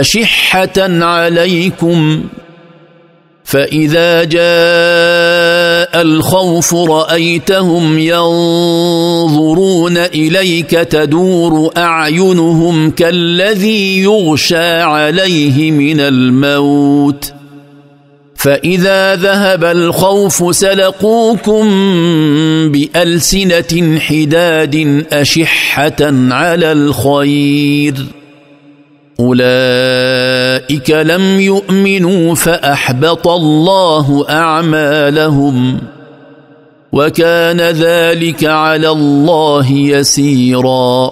اشحه عليكم فاذا جاء الخوف رايتهم ينظرون اليك تدور اعينهم كالذي يغشى عليه من الموت فاذا ذهب الخوف سلقوكم بالسنه حداد اشحه على الخير اولئك لم يؤمنوا فاحبط الله اعمالهم وكان ذلك على الله يسيرا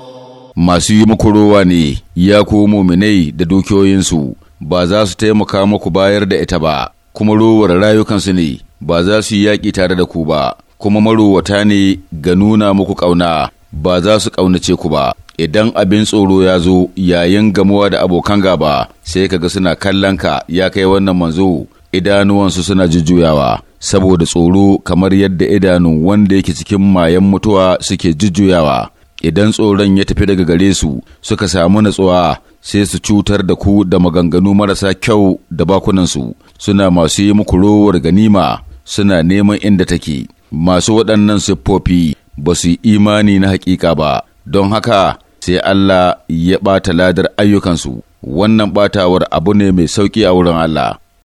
masu yi muku rowa ne ya ku muminai da dukiyoyinsu ba za su taimaka muku bayar da ita ba kuma rowar rayukansu ne ba za su yi yaƙi tare da ku ba kuma marowata ne ga nuna muku ƙauna ba za su ƙaunace ku ba idan abin tsoro ya zo yayin gamuwa da abokan gaba sai ka ga suna kallon ka ya kai wannan manzo idanuwansu suna jujjuyawa saboda tsoro kamar yadda idanu wanda yake cikin mayan mutuwa suke jujjuyawa idan tsoron ya tafi daga gare su suka samu natsuwa sai su cutar da ku da maganganu marasa kyau da bakunansu suna masu yi muku rowar ganima suna neman inda take masu waɗannan siffofi ba su yi imani na hakika ba don haka sai Allah ya ɓata ladar ayyukansu, wannan ɓatawar abu ne mai sauƙi a wurin Allah.